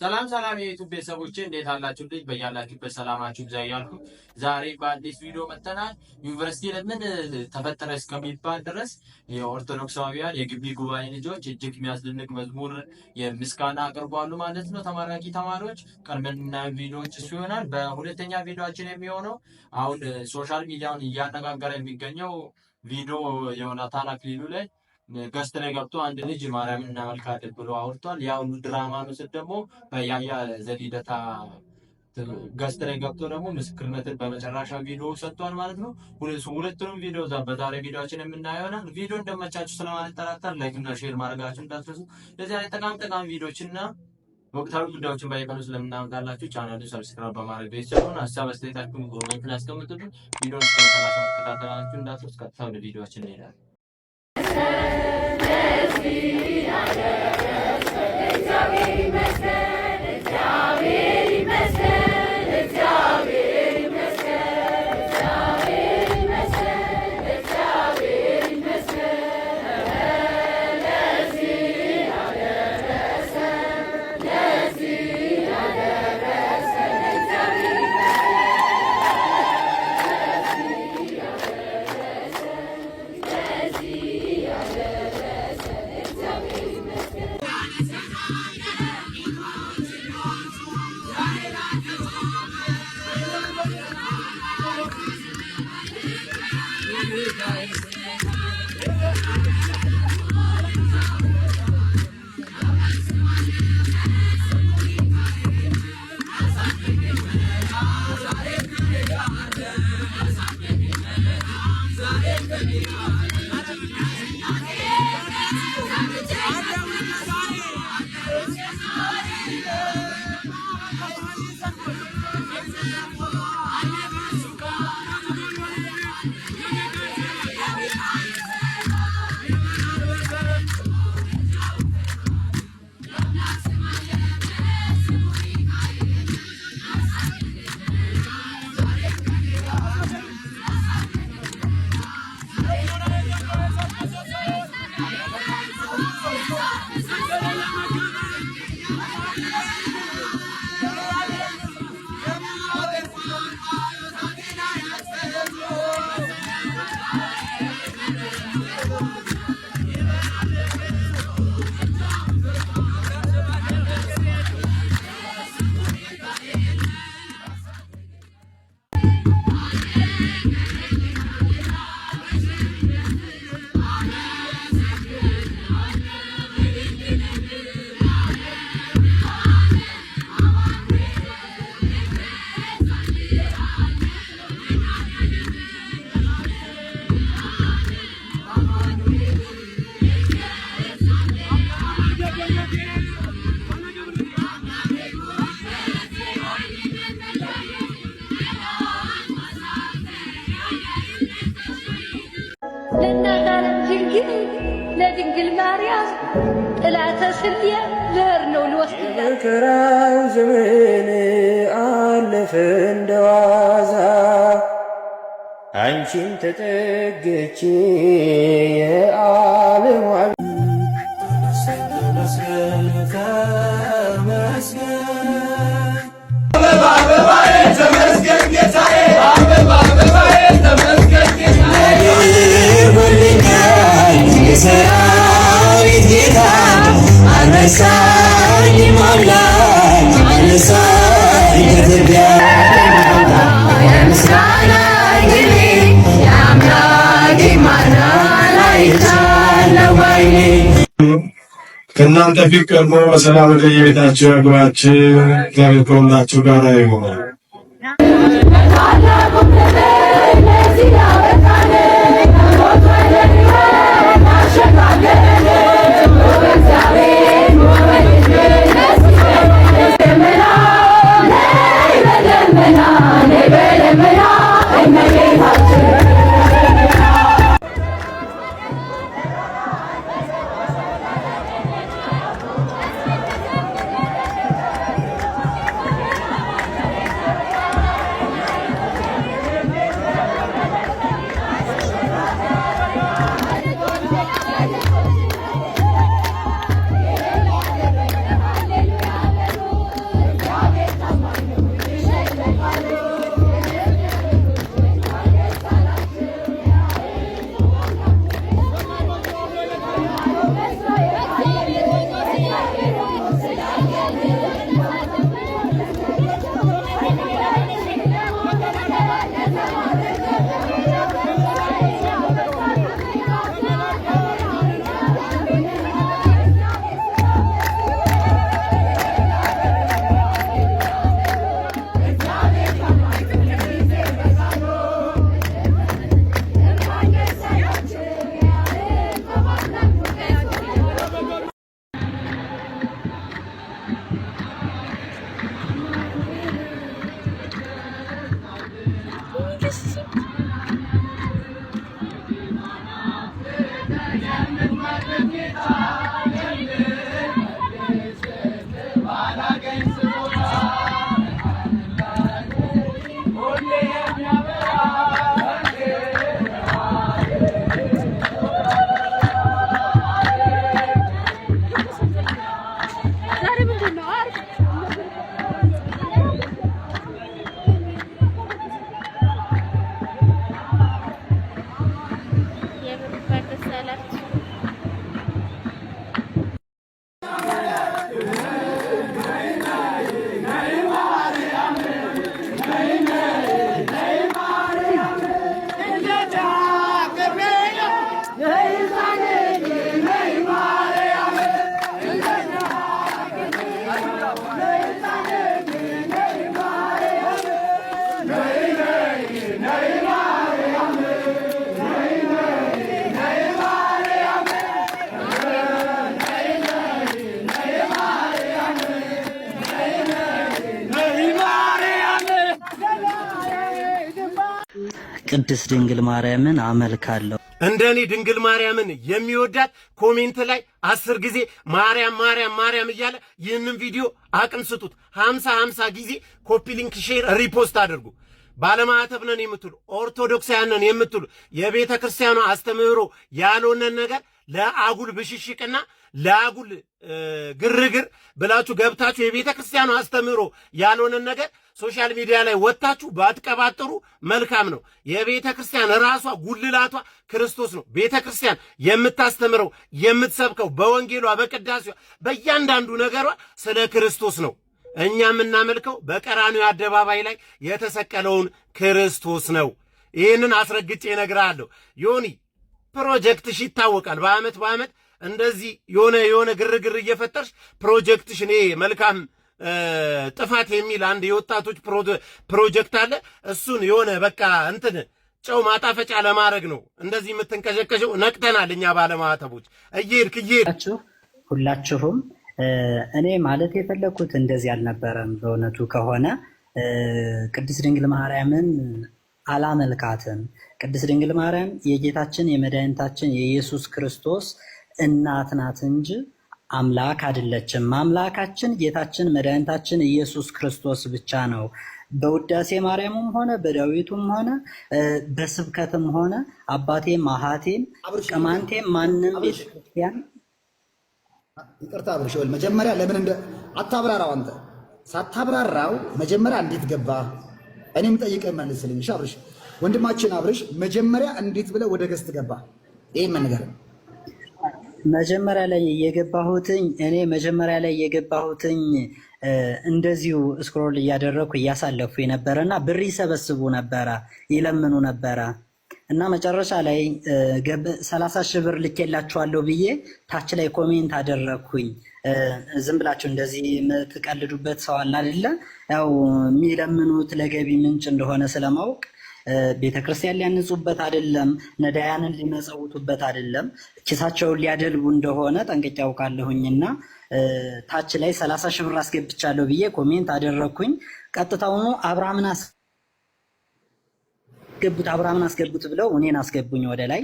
ሰላም ሰላም የዩቱብ ቤተሰቦች እንዴት አላችሁ? ልጅ በያላችሁበት ሰላማችሁ ይብዛ እያልኩ ዛሬ በአዲስ ቪዲዮ መጥተናል። ዩኒቨርሲቲ ለምን ተፈጠረ እስከሚባል ድረስ የኦርቶዶክሳውያን የግቢ ጉባኤ ልጆች እጅግ የሚያስደንቅ መዝሙር የምስጋና አቅርቧሉ ማለት ነው። ተማራቂ ተማሪዎች ቀድመንና ቪዲዮዎች እሱ ይሆናል። በሁለተኛ ቪዲዮችን የሚሆነው አሁን ሶሻል ሚዲያውን እያነጋገረ የሚገኘው ቪዲዮ የሆነ የሆናታን ሊሉ ላይ ገስት ላይ ገብቶ አንድ ልጅ ማርያምን እናመልካለን ብሎ አውርቷል። ያ ሁሉ ድራማ ምስል ደግሞ በያያ ዘሊደታ ገስት ላይ ገብቶ ደግሞ ምስክርነትን በመጨረሻ ቪዲዮ ሰጥቷል ማለት ነው። ሁለቱንም ቪዲዮ ዛ በዛሬ ቪዲዮችን የምናየው ይሆናል። ቪዲዮ እንደመቻችሁ ስለማልጠራጠር ላይክ እና ሼር ማድረጋችሁ እንዳትረሱ። ለዚህ አይነት ጠቃሚ ጠቃሚ ቪዲዮችን እና ወቅታዊ ጉዳዮችን በየቀኑ ስለምናመጣላችሁ ቻናሉን ሰብስክራይብ በማድረግ ቤተሰቡን ሀሳብ አስተያየታችሁን ላይ አስቀምጡልን። ያስቀምጡልን። ቪዲዮን ስለመከታተላችሁ እንዳትረሱ። ቀጥታ ወደ ቪዲዮችን እንሄዳለን። Sevil aleme, söyle sevil mesele. ለእናት ዓለም ድንግል ለድንግል ማርያም ጥላተ ስልየ ዘር ነው ልወስድ የመከራው ዘመን አለፈ እንደዋዛ አንቺን ተጠግቼ የዓለም ከእናንተ ፊት ቀድሞ በሰላም ወደ የቤታችሁ ያግባችሁ። እግዚአብሔር ከሁላችሁ ጋር ይሁን። ቅድስት ድንግል ማርያምን አመልካለሁ። እንደ እኔ ድንግል ማርያምን የሚወዳት ኮሜንት ላይ አስር ጊዜ ማርያም ማርያም ማርያም እያለ ይህንን ቪዲዮ አቅም ስጡት። ሀምሳ ሀምሳ ጊዜ ኮፒ ሊንክ፣ ሼር፣ ሪፖስት አድርጉ። ባለማዕተብ ነን የምትሉ ኦርቶዶክሳውያን ነን የምትሉ የቤተ ክርስቲያኗ አስተምህሮ ያልሆነን ነገር ለአጉል ብሽሽቅና ለአጉል ግርግር ብላችሁ ገብታችሁ የቤተ ክርስቲያኑ አስተምህሮ ያልሆነን ነገር ሶሻል ሚዲያ ላይ ወጥታችሁ ባትቀባጥሩ መልካም ነው። የቤተ ክርስቲያን ራሷ ጉልላቷ ክርስቶስ ነው። ቤተ ክርስቲያን የምታስተምረው የምትሰብከው በወንጌሏ በቅዳሴዋ በእያንዳንዱ ነገሯ ስለ ክርስቶስ ነው። እኛ የምናመልከው በቀራንዮ አደባባይ ላይ የተሰቀለውን ክርስቶስ ነው። ይህንን አስረግጬ እነግርሃለሁ። ዮኒ ፕሮጀክትሽ ይታወቃል። በአመት በአመት እንደዚህ የሆነ የሆነ ግርግር እየፈጠርሽ ፕሮጀክትሽ እኔ መልካም ጥፋት የሚል አንድ የወጣቶች ፕሮጀክት አለ። እሱን የሆነ በቃ እንትን ጨው ማጣፈጫ ለማድረግ ነው እንደዚህ የምትንቀሸቀሸው። ነቅተናል እኛ ባለማህተቦች። እየሄድክ እየሄድክ ሁላችሁም እኔ ማለት የፈለግኩት እንደዚህ አልነበረም። በእውነቱ ከሆነ ቅድስት ድንግል ማርያምን አላመልካትም። ቅድስት ድንግል ማርያም የጌታችን የመድኃኒታችን የኢየሱስ ክርስቶስ እናት ናት እንጂ አምላክ አይደለችም። አምላካችን ጌታችን መድኃኒታችን ኢየሱስ ክርስቶስ ብቻ ነው። በውዳሴ ማርያምም ሆነ በዳዊቱም ሆነ በስብከትም ሆነ አባቴ ማሃቴም ቀማንቴ ማንም ቤተክርስቲያን ይቅርታ አብርሽ ወል መጀመሪያ ለምን እንደ አታብራራው አንተ ሳታብራራው መጀመሪያ እንዴት ገባ እኔም ጠይቀ መልስልኝ። እሺ አብርሽ ወንድማችን አብርሽ መጀመሪያ እንዴት ብለ ወደ ገስት ገባ? ይህ መንገር ነው? መጀመሪያ ላይ የገባሁትኝ እኔ መጀመሪያ ላይ የገባሁትኝ እንደዚሁ ስክሮል እያደረግኩ እያሳለፉ ነበረ እና ብር ይሰበስቡ ነበረ፣ ይለምኑ ነበረ እና መጨረሻ ላይ ሰላሳ ሺህ ብር ልኬላችኋለሁ ብዬ ታች ላይ ኮሜንት አደረግኩኝ። ዝም ብላችሁ እንደዚህ የምትቀልዱበት ሰው አለ አይደለ? ያው የሚለምኑት ለገቢ ምንጭ እንደሆነ ስለማወቅ ቤተክርስቲያን ሊያንጹበት አይደለም፣ ነዳያንን ሊመጸውቱበት አይደለም፣ ኪሳቸውን ሊያደልቡ እንደሆነ ጠንቅቄ አውቃለሁኝና ታች ላይ ሰላሳ ሺህ ብር አስገብቻለሁ ብዬ ኮሜንት አደረግኩኝ። ቀጥታውኑ አብርሃምን አስገቡት፣ አብርሃምን አስገቡት ብለው እኔን አስገቡኝ ወደ ላይ።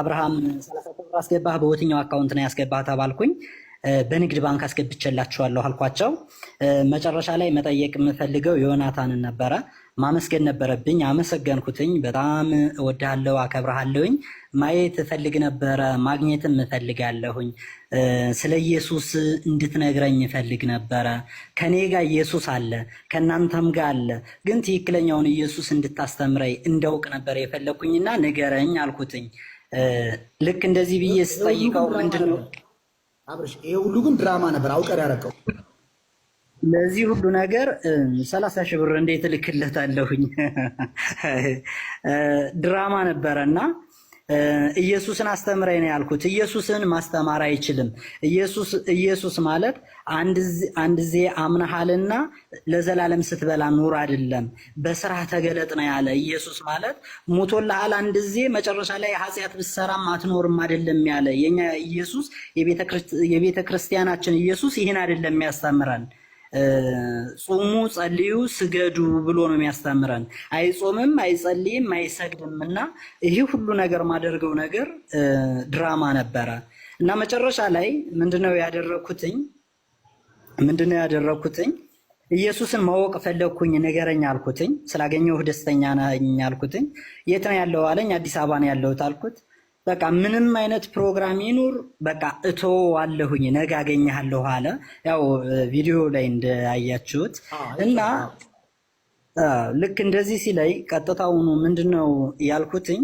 አብርሃም ሰላሳ ሺህ ብር አስገባህ፣ በየትኛው አካውንት ነው ያስገባህ ተባልኩኝ። በንግድ ባንክ አስገብቼላችኋለሁ አልኳቸው። መጨረሻ ላይ መጠየቅ የምፈልገው ዮናታንን ነበረ። ማመስገን ነበረብኝ። አመሰገንኩትኝ። በጣም እወድሃለሁ፣ አከብረሃለሁኝ። ማየት እፈልግ ነበረ፣ ማግኘትም እፈልጋለሁኝ። ስለ ኢየሱስ እንድትነግረኝ እፈልግ ነበረ። ከኔ ጋር ኢየሱስ አለ፣ ከእናንተም ጋር አለ። ግን ትክክለኛውን ኢየሱስ እንድታስተምረኝ እንዳውቅ ነበረ የፈለግኩኝና ንገረኝ አልኩትኝ። ልክ እንደዚህ ብዬ ስጠይቀው ምንድን ነው አብርሽ ይሄ ሁሉ ግን ድራማ ነበር አውቀር ያረቀው። ለዚህ ሁሉ ነገር ሰላሳ ሺህ ብር እንዴት እልክለታለሁኝ? ድራማ ነበረ እና ኢየሱስን አስተምረኝ ነው ያልኩት። ኢየሱስን ማስተማር አይችልም። ኢየሱስ ማለት አንድ ዜ አምናሃልና ለዘላለም ስትበላ ኑር አይደለም፣ በስራ ተገለጥ ነው ያለ። ኢየሱስ ማለት ሞቶልሃል፣ አንድ ዜ መጨረሻ ላይ ኃጢአት ብትሰራም አትኖርም አይደለም ያለ። የኛ ኢየሱስ የቤተ ክርስቲያናችን ኢየሱስ ይህን አይደለም ያስተምረን። ጾሙ፣ ጸልዩ ስገዱ ብሎ ነው የሚያስተምረን። አይጾምም፣ አይጸልይም፣ አይሰግድም እና ይህ ሁሉ ነገር ማደርገው ነገር ድራማ ነበረ እና መጨረሻ ላይ ምንድነው ያደረኩትኝ? ምንድነው ያደረኩትኝ? ኢየሱስን ማወቅ ፈለግኩኝ። ንገረኝ አልኩትኝ። ስላገኘሁህ ደስተኛ ነኝ አልኩትኝ። የት ነው ያለው አለኝ። አዲስ አበባ ነው ያለሁት አልኩት። በቃ ምንም አይነት ፕሮግራም ይኑር፣ በቃ እቶ አለሁኝ ነገ አገኘሃለሁ አለ። ያው ቪዲዮ ላይ እንዳያችሁት እና ልክ እንደዚህ ሲላይ ቀጥታውኑ ምንድነው ያልኩትኝ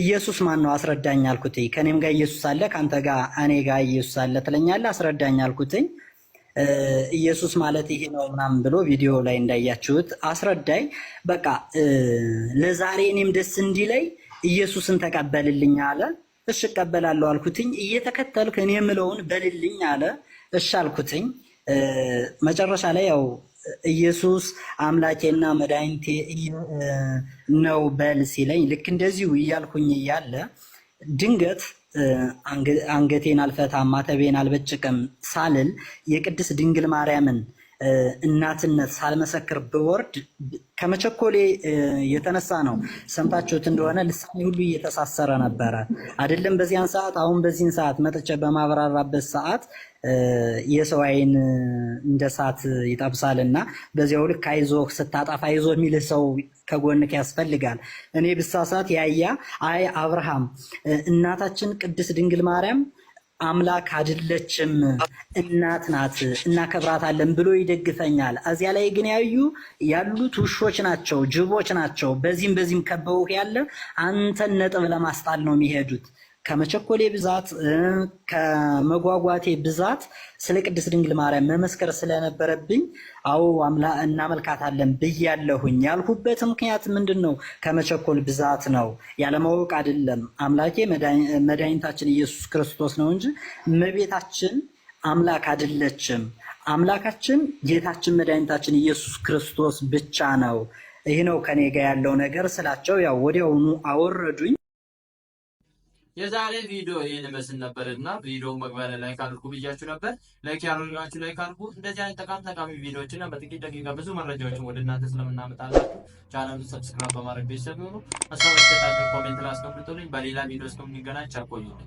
ኢየሱስ ማን ነው አስረዳኝ አልኩትኝ። ከኔም ጋር ኢየሱስ አለ፣ ከአንተ ጋር እኔ ጋር ኢየሱስ አለ ትለኛለህ፣ አስረዳኝ አልኩትኝ። ኢየሱስ ማለት ይሄ ነው ምናምን ብሎ ቪዲዮ ላይ እንዳያችሁት አስረዳኝ። በቃ ለዛሬ እኔም ደስ እንዲለይ ኢየሱስን ተቀበልልኝ አለ። እሽ እቀበላለሁ አልኩትኝ። እየተከተልክ እኔ የምለውን በልልኝ አለ። እሽ አልኩትኝ። መጨረሻ ላይ ያው ኢየሱስ አምላኬና መድኃኒቴ ነው በል ሲለኝ ልክ እንደዚሁ እያልኩኝ እያለ ድንገት አንገቴን አልፈታም ማተቤን አልበጭቅም ሳልል የቅድስት ድንግል ማርያምን እናትነት ሳልመሰክር ብወርድ ከመቸኮሌ የተነሳ ነው። ሰምታችሁት እንደሆነ ልሳኔ ሁሉ እየተሳሰረ ነበረ አይደለም? በዚያን ሰዓት አሁን በዚህን ሰዓት መጥቼ በማብራራበት ሰዓት የሰው ዓይን እንደ እሳት ይጠብሳል እና በዚያው ልክ አይዞህ ስታጠፋ ይዞ የሚል ሰው ከጎንክ ያስፈልጋል። እኔ ብሳሳት ያያ አይ አብርሃም እናታችን ቅድስት ድንግል ማርያም አምላክ አይደለችም እናት ናት እናከብራታለን ብሎ ይደግፈኛል። እዚያ ላይ ግን ያዩ ያሉት ውሾች ናቸው፣ ጅቦች ናቸው። በዚህም በዚህም ከበውህ ያለ አንተን ነጥብ ለማስጣል ነው የሚሄዱት። ከመቸኮሌ ብዛት ከመጓጓቴ ብዛት ስለ ቅድስት ድንግል ማርያም መመስከር ስለነበረብኝ አዎ እናመልካታለን ብያለሁኝ። ያልኩበት ምክንያት ምንድን ነው? ከመቸኮል ብዛት ነው፣ ያለማወቅ አይደለም። አምላኬ መድኃኒታችን ኢየሱስ ክርስቶስ ነው እንጂ እመቤታችን አምላክ አይደለችም። አምላካችን ጌታችን መድኃኒታችን ኢየሱስ ክርስቶስ ብቻ ነው። ይህ ነው ከኔ ጋር ያለው ነገር ስላቸው፣ ያው ወዲያውኑ አወረዱኝ። የዛሬ ቪዲዮ ይህን መስል ነበር እና ቪዲዮ መግቢያ ላይ ካልኩ ብያችሁ ነበር። ላይክ ያደረጋችሁ ላይክ አድርጉ። እንደዚህ አይነት ጠቃሚ ጠቃሚ ቪዲዮዎችና በጥቂት ደቂቃ ብዙ መረጃዎችን ወደ እናንተ ስለምናመጣላችሁ ቻናሉን ሰብስክራይብ በማድረግ ቤተሰብ ይሆኑ። ሀሳብ አስተያየታችሁን ኮሜንት ላይ አስቀምጡልኝ። በሌላ ቪዲዮ እስከምንገናኝ ቸር ቆዩልኝ።